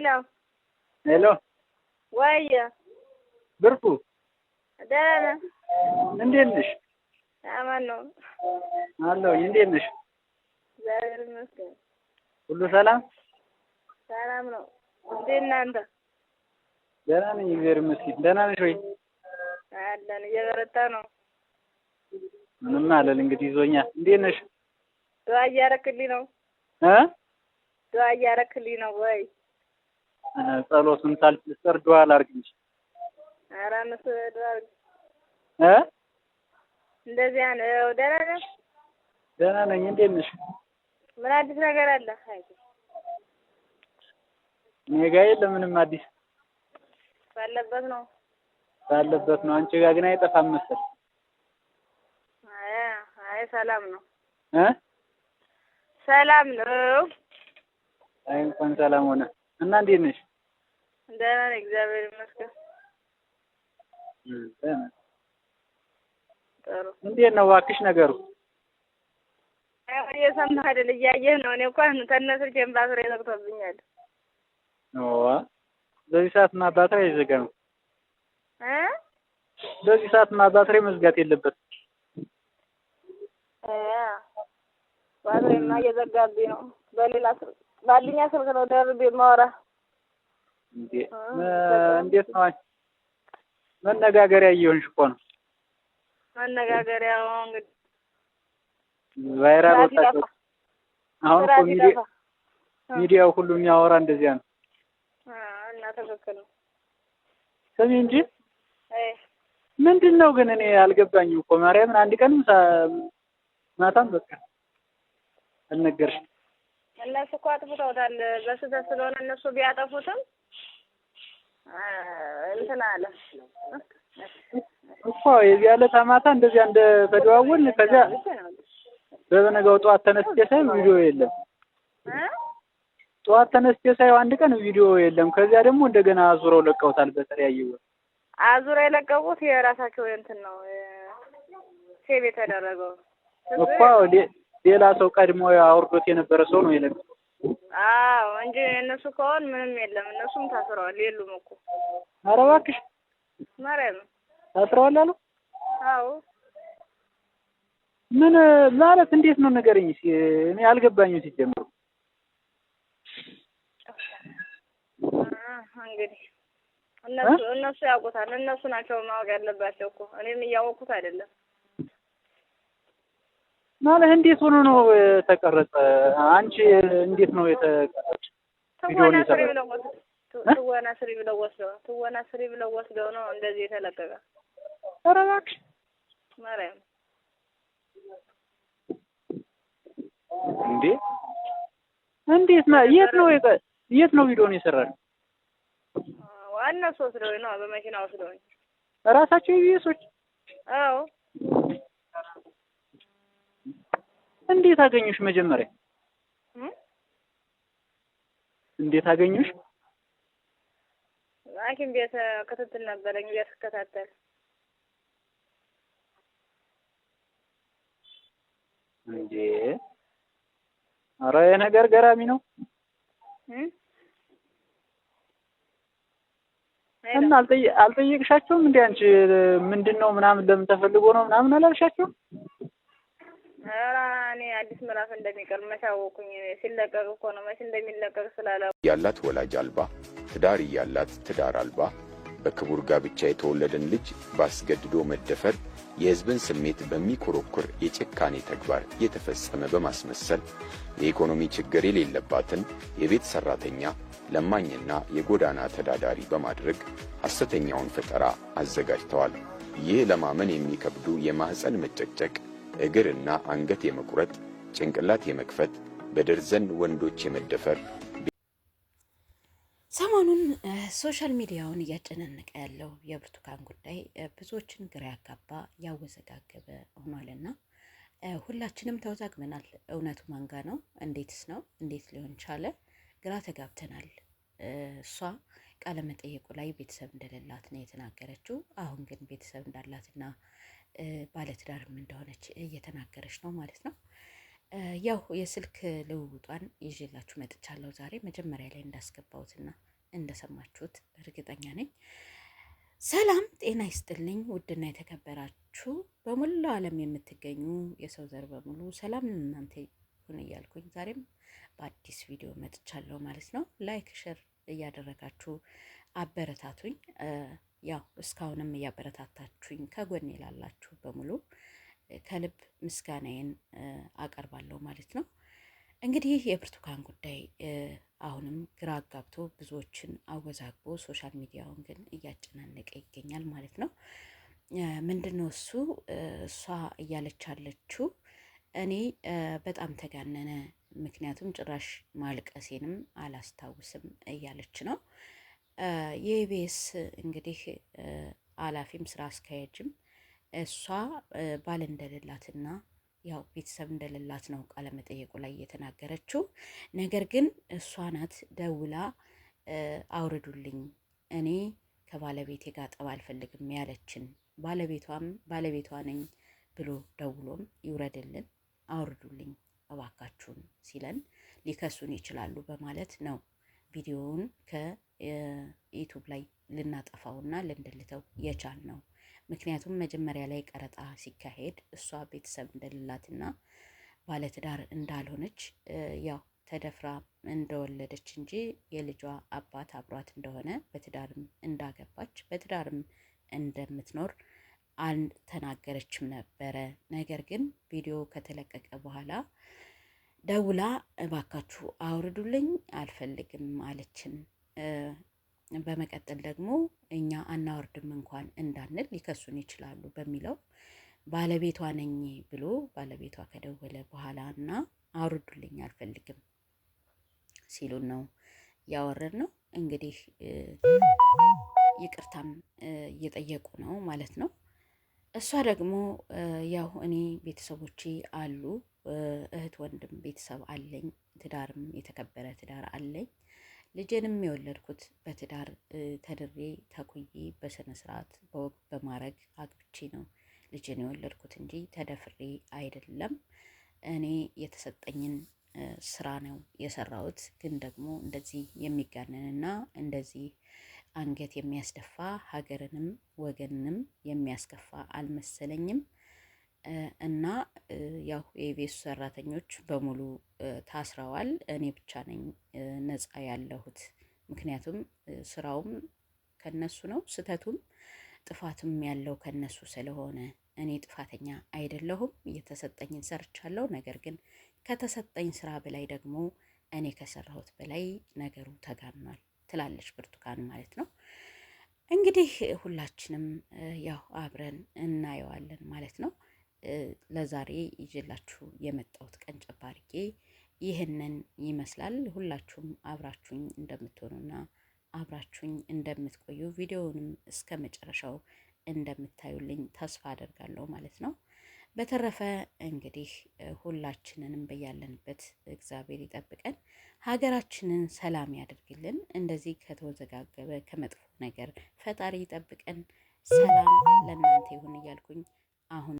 Hello. Hello. ወይ ብርቁ ደህና ነህ? እንዴት ነሽ? አማን ነው አለሁኝ። እንዴት ነሽ? እግዚአብሔር ይመስገን። ሁሉ ሰላም? ሰላም ነው። እንዴት እናንተ? ደህና ነኝ እግዚአብሔር ይመስገን። ደህና ነሽ ወይ? አለን እየበረታ ነው። ምንም አለል እንግዲህ ይዞኛል። እንዴት ነሽ? ዱዐ እያረክልኝ ነው እ ዱዐ እያረክልኝ ነው ወይ ጸሎቱን ሳልጨርስ ዱዓ ላድርግልሽ። ኧረ እ እንደዚያ ነው። ደህና ነህ? ደህና ነኝ። እንዴት ነሽ? ምን አዲስ ነገር አለ? እኔ ጋ የለም ምንም አዲስ። ባለበት ነው ባለበት ነው። አንቺ ጋ ግን አይጠፋም መሰል። አይ ሰላም ነው እ ሰላም ነው። አይ እንኳን ሰላም ሆነ። እና እንዴት ነሽ? ደህና ነኝ፣ እግዚአብሔር ይመስገን። እንዴት ነው እባክሽ ነገሩ? እየሰማህ አይደል? እያየህ ነው። እኔ እንኳን ከነስልኬ ባትሪ ዘግቶብኛል። በዚህ ሰዓት ማ ባትሪ አይዘጋም። በዚህ ሰዓት እና ባትሬ መዝጋት የለበትም። ባትሪማ እየዘጋብኝ ነው በሌላ ስልክ ባልኛ ስልክ ነው ደርቤ የማወራ። እንዴ እንዴት ነው መነጋገሪያ እየሆንሽ እኮ ነው። መነጋገሪያው እንግዲህ ቫይራል ወጣችሁ። አሁን እኮ ሚዲያው ሁሉ የሚያወራ እንደዚያ ነው። እና ትክክል ነው። ስሚ እንጂ ምንድን ነው ግን እኔ አልገባኝም እኮ ማርያምን። አንድ ቀንም ማታም በቃ አልነገርሽም እነሱ እኮ አጥፍተውታል። በስህተት ስለሆነ እነሱ ቢያጠፉትም እንትን አለ እኮ የዚያ ዕለት ማታ እንደዚያ እንደተደዋወልን ከዚያ በበነጋው ጠዋት ተነስቼ ሳይ ቪዲዮ የለም። ጠዋት ተነስቼ ሳይ አንድ ቀን ቪዲዮ የለም። ከዚያ ደግሞ እንደገና አዙረው ለቀውታል። በተለያየ ወር አዙረው የለቀቁት የራሳቸው እንትን ነው ሴቭ የተደረገው እኮ ሌላ ሰው ቀድሞ አውርዶት የነበረ ሰው ነው የለም። አዎ እንጂ እነሱ ከሆን ምንም የለም። እነሱም ታስረዋል የሉም እኮ። ኧረ እባክሽ ማርያምን ታስረዋል አሉ። አዎ ምን ማለት እንዴት ነው ንገረኝ። እኔ አልገባኝም ሲጀምሩ እንግዲህ እነሱ እነሱ ያውቁታል። እነሱ ናቸው ማወቅ ያለባቸው እኮ እኔም እያወቅኩት አይደለም ማለት እንዴት ሆኖ ነው የተቀረጸ? አንቺ እንዴት ነው የተቀረጸ? ትወና ስሪ ብለው ወስደው ትወና ስሪ ብለው ወስደው ነው እንደዚህ የተለቀቀ። ኧረ እባክሽ ማርያም እንዴ! እንዴት ነው የት ነው የት ነው ቪዲዮን ሶስት ነው በመኪና ወስደው ይይሶች አዎ እንዴት አገኙሽ? መጀመሪያ እንዴት አገኙሽ? ሐኪም ቤት ክትትል ነበረኝ እያስከታተል እንዴ። ኧረ የነገር ገራሚ ነው። እና አልጠየቅሻቸውም እንዴ አንቺ ምንድን ነው ምናምን ለምን ተፈልጎ ነው ምናምን አላልሻቸውም? ኧረ እኔ አዲስ ምዕራፍ እንደሚቀር መች ሲለቀቅ እኮ ነው እንደሚለቀቅ ያላት ወላጅ አልባ ትዳር እያላት ትዳር አልባ በክቡር ጋብቻ የተወለደን ልጅ ባስገድዶ መደፈር የሕዝብን ስሜት በሚኮረኩር የጭካኔ ተግባር የተፈጸመ በማስመሰል የኢኮኖሚ ችግር የሌለባትን የቤት ሠራተኛ ለማኝና የጎዳና ተዳዳሪ በማድረግ ሐሰተኛውን ፈጠራ አዘጋጅተዋል። ይህ ለማመን የሚከብዱ የማኅፀን መጨቅጨቅ እግር እና አንገት የመቁረጥ፣ ጭንቅላት የመክፈት፣ በደርዘን ወንዶች የመደፈር ሰሞኑን ሶሻል ሚዲያውን እያጨናነቀ ያለው የብርቱካን ጉዳይ ብዙዎችን ግራ ያጋባ ያወዘጋገበ ሆኗልና ሁላችንም ተወዛግበናል። እውነቱ ማንጋ ነው? እንዴትስ ነው? እንዴት ሊሆን ቻለ? ግራ ተጋብተናል። እሷ ቃለመጠየቁ ላይ ቤተሰብ እንደሌላት ነው የተናገረችው። አሁን ግን ቤተሰብ እንዳላትና ባለትዳርም እንደሆነች እየተናገረች ነው ማለት ነው። ያው የስልክ ልውውጧን ይዤላችሁ መጥቻለሁ ዛሬ መጀመሪያ ላይ እንዳስገባሁትና እንደሰማችሁት እርግጠኛ ነኝ። ሰላም ጤና ይስጥልኝ። ውድና የተከበራችሁ በሙላው ዓለም የምትገኙ የሰው ዘር በሙሉ ሰላም እናንተ ይሁን እያልኩኝ ዛሬም በአዲስ ቪዲዮ መጥቻለሁ ማለት ነው። ላይክ ሸር እያደረጋችሁ አበረታቱኝ። ያው እስካሁንም እያበረታታችሁኝ ከጎን ላላችሁ በሙሉ ከልብ ምስጋናዬን አቀርባለሁ ማለት ነው። እንግዲህ የብርቱካን ጉዳይ አሁንም ግራ አጋብቶ ብዙዎችን አወዛግቦ ሶሻል ሚዲያውን ግን እያጨናነቀ ይገኛል ማለት ነው። ምንድን ነው እሱ እሷ እያለች ያለችው እኔ በጣም ተጋነነ ምክንያቱም ጭራሽ ማልቀሴንም አላስታውስም እያለች ነው። የኢቢኤስ እንግዲህ አላፊም ስራ አስኪያጅም እሷ ባል እንደሌላትና ያው ቤተሰብ እንደሌላት ነው ቃለ መጠየቁ ላይ እየተናገረችው። ነገር ግን እሷ ናት ደውላ አውርዱልኝ እኔ ከባለቤቴ ጋር ጠብ አልፈልግም ያለችን። ባለቤቷም ባለቤቷ ነኝ ብሎ ደውሎም ይውረድልን አውርዱልኝ እባካችሁን ሲለን ሊከሱን ይችላሉ በማለት ነው ቪዲዮውን ከዩቱብ ላይ ልናጠፋውና ልንደልተው የቻል ነው። ምክንያቱም መጀመሪያ ላይ ቀረጣ ሲካሄድ እሷ ቤተሰብ እንደሌላትና ባለትዳር እንዳልሆነች ያው ተደፍራ እንደወለደች እንጂ የልጇ አባት አብሯት እንደሆነ በትዳርም እንዳገባች በትዳርም እንደምትኖር አልተናገረችም ነበረ። ነገር ግን ቪዲዮ ከተለቀቀ በኋላ ደውላ እባካችሁ አውርዱልኝ አልፈልግም አለችን። በመቀጠል ደግሞ እኛ አናወርድም እንኳን እንዳንል ሊከሱን ይችላሉ በሚለው ባለቤቷ ነኝ ብሎ ባለቤቷ ከደወለ በኋላ እና አውርዱልኝ አልፈልግም ሲሉን ነው ያወረድ ነው። እንግዲህ ይቅርታም እየጠየቁ ነው ማለት ነው። እሷ ደግሞ ያው እኔ ቤተሰቦቼ አሉ እህት ወንድም ቤተሰብ አለኝ። ትዳርም የተከበረ ትዳር አለኝ። ልጄንም የወለድኩት በትዳር ተድሬ ተኩዬ በስነ ስርዓት በወግ በማረግ አግብቼ ነው ልጄን የወለድኩት እንጂ ተደፍሬ አይደለም። እኔ የተሰጠኝን ስራ ነው የሰራሁት። ግን ደግሞ እንደዚህ የሚጋነንና እንደዚህ አንገት የሚያስደፋ ሀገርንም ወገንንም የሚያስከፋ አልመሰለኝም። እና ያው የቤቱ ሰራተኞች በሙሉ ታስረዋል። እኔ ብቻ ነኝ ነፃ ያለሁት። ምክንያቱም ስራውም ከነሱ ነው፣ ስህተቱም ጥፋትም ያለው ከነሱ ስለሆነ እኔ ጥፋተኛ አይደለሁም። የተሰጠኝን ሰርቻለሁ። ነገር ግን ከተሰጠኝ ስራ በላይ ደግሞ እኔ ከሰራሁት በላይ ነገሩ ተጋኗል። ትላለች ብርቱካን ማለት ነው። እንግዲህ ሁላችንም ያው አብረን እናየዋለን ማለት ነው። ለዛሬ ይዤላችሁ የመጣሁት ቀን ጨባርጌ ይህንን ይመስላል። ሁላችሁም አብራችሁኝ እንደምትሆኑና አብራችሁኝ እንደምትቆዩ ቪዲዮውንም እስከ መጨረሻው እንደምታዩልኝ ተስፋ አደርጋለሁ ማለት ነው። በተረፈ እንግዲህ ሁላችንንም በያለንበት እግዚአብሔር ይጠብቀን፣ ሀገራችንን ሰላም ያደርግልን። እንደዚህ ከተወዘጋገበ ከመጥፎ ነገር ፈጣሪ ይጠብቀን። ሰላም ለእናንተ ይሁን እያልኩኝ አሁን